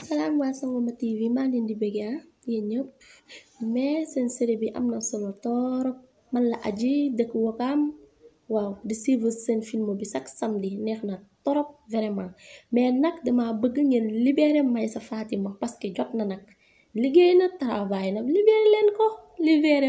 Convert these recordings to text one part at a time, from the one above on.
salaam waa Sangomar TV maa leen di bëgg ah, yéen ñëpp mais seen série bi am na solo torop man la aji dëkk Wakaam waaw di suivre seen film bi chaque samedi neex na torop vraiment mais nag dama bëgg ngeen libéré Maïssa Fatima parce que jot na nag liggéey na travail na libéré leen ko libéré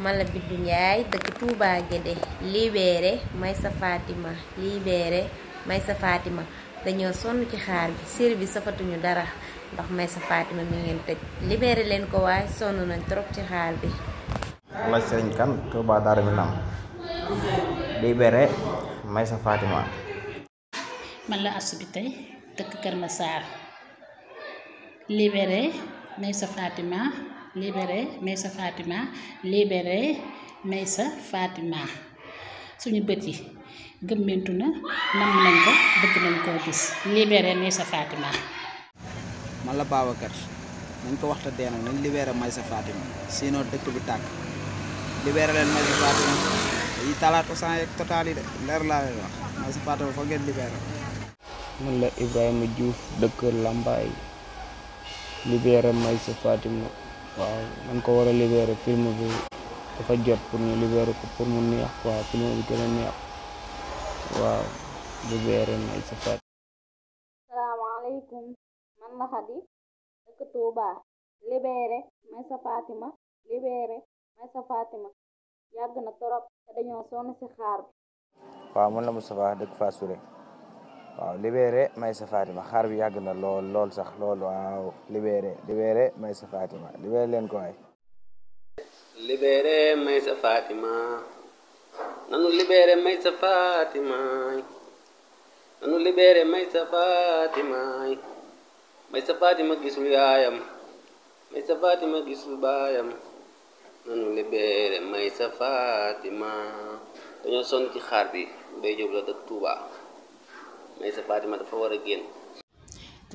man la Bintu Njaay dëkk Touba Guédé libéré Maïssa Fatima libéré Maïssa Fatima dañu sonn ci xaar bi sir bi safatuñu dara ndax may sa Fatima mi ngeen tej libéré len ko way sonu nañ trop ci xaar bi la señ kan dara mi nam libéré may sa Fatima man la asu tay dekk dëkk ma sar libéré may sa Fatima libéré may sa Fatima libéré may sa Fatima suñu bët yi gëmmentu na nam nañ ko bëgg nañ koo gis libéré Maysa Fatima man la dëkk bi tàkk libéré leen Maysa Fatima yi talaat Auchan yeeg Total yi de leer laa leen wax Maysa Fatima foog ngeen man la Ibrahima Diouf dëkk Lambaay libéré Maysa Fatima waaw nañ ko war a film bi dafa jot pour ñu libéré ko pour mu neex quoi film bi gën a neex waaw libéré na ay safaat salaamaaleykum may sa Fatima libéré may sa Fatima yàgg na torop te dañoo sonn ci xaar bi waaw man la Moustapha dëkk Fassouré waaw libéré may sa Fatima xaar bi yàgg na lool lool sax lool waaw libéré libéré may sa Fatima libéré leen ko libéré may sa Fatima nanu libéré may sa Fatima nanu libéré may sa Fatima may sa Fatima gisul yaayam may sa Fatima gisul baayam nanu libéré may sa Fatima dañoo sonn ci xaar bi Mbaye Diop la dëkk Touba may sa Fatima dafa war a génn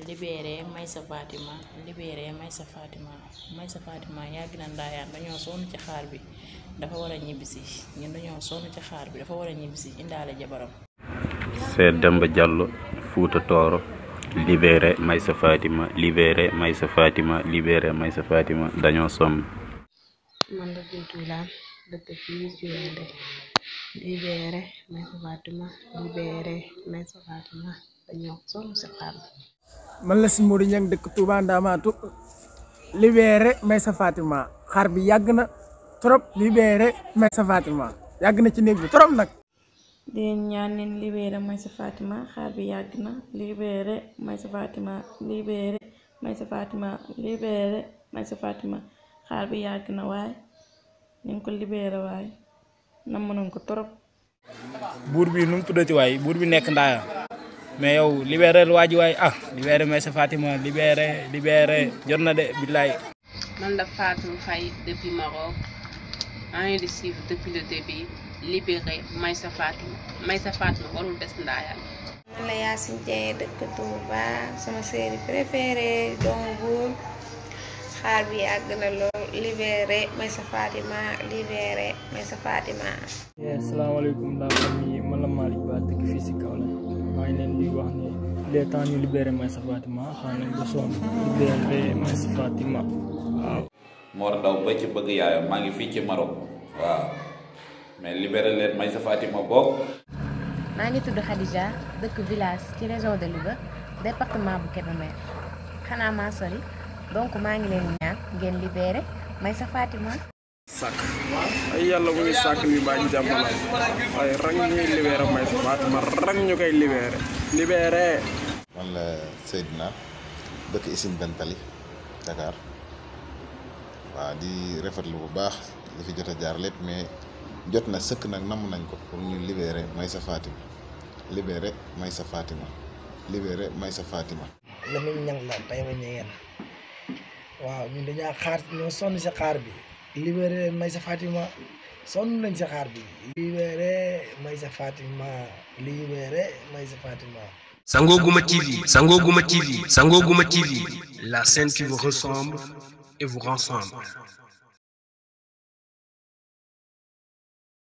libéré Maysa Fatima libéré Maysa Fatima Maysa Fatima yàgg na ndaayaan dañoo sonn ci xaar bi dafa war a ñibbisi ñun dañoo bi dafa war a ñibbisi indaale jabaram. c'est Demba Diallo Fouta Tooro libéré Maysa Fatima libéré Maysa Fatima libéré dañoo sonn. ci xaar bi. man la si Modou Niang dëkk Touba Ndamaatu libéré Maysa Fatima xar bi yàgg na trop libéré Maysa Fatima yàgg na ci néeg bi trop nag. di ñaan leen libéré Maysa Fatima xar bi yàgg na libéré Maysa Fatima libéré na waaye ñu ko libéré waaye nam mënoon ko trop. buur bi nu mu tuddati waaye buur bi nekk ndaaya mais yow libéré waa ji waay ah libéré Maïssa Fatima libéré jot na de billaay. man la ngi Fatima warul des ndaayaan. man la Yacine Dieng dëkk Touba sama série préférée doomu xaar bi yàgg na lool libéré Maïssa Fatima libéré Maïssa Fatima. عينا بوهن ليتان لبير ما فاطمة xanaa bu soon libéré ma Fatima Mor Ndaw ba ci bëgg yaayam maa ngi fii ci Maroc waaw mais libéré leen may sa Fatima bokk ma ngi tudd Khadija dëkk village ci région de Louga département bu sori donc ngi ñaan ngeen may sa Fatima sàkk ay yàlla bu ñu sàkk ni baa jàmm la waaye rang ñuy libéré may sa baat rang ñu koy libéré libéré man la Seydina dëkk Issine Bène Tally Dakar waaw di rafetlu bu baax li fi jot a jaar lépp mais jot na sëkk nag namm nañ ko pour ñu libéré may sa Fatima libéré may sa Fatima libéré may ñang la tey ma ñëween waaw ñun dañaa xaar ñoo sonn si xaar bi libéré Maysa Fatima sonn nañ sa xaar bi libéré Maysa Fatima libéré Maysa Fatima Sangoguma TV Sangoguma TV Sangoguma TV la scène qui vous ressemble et vous rassemble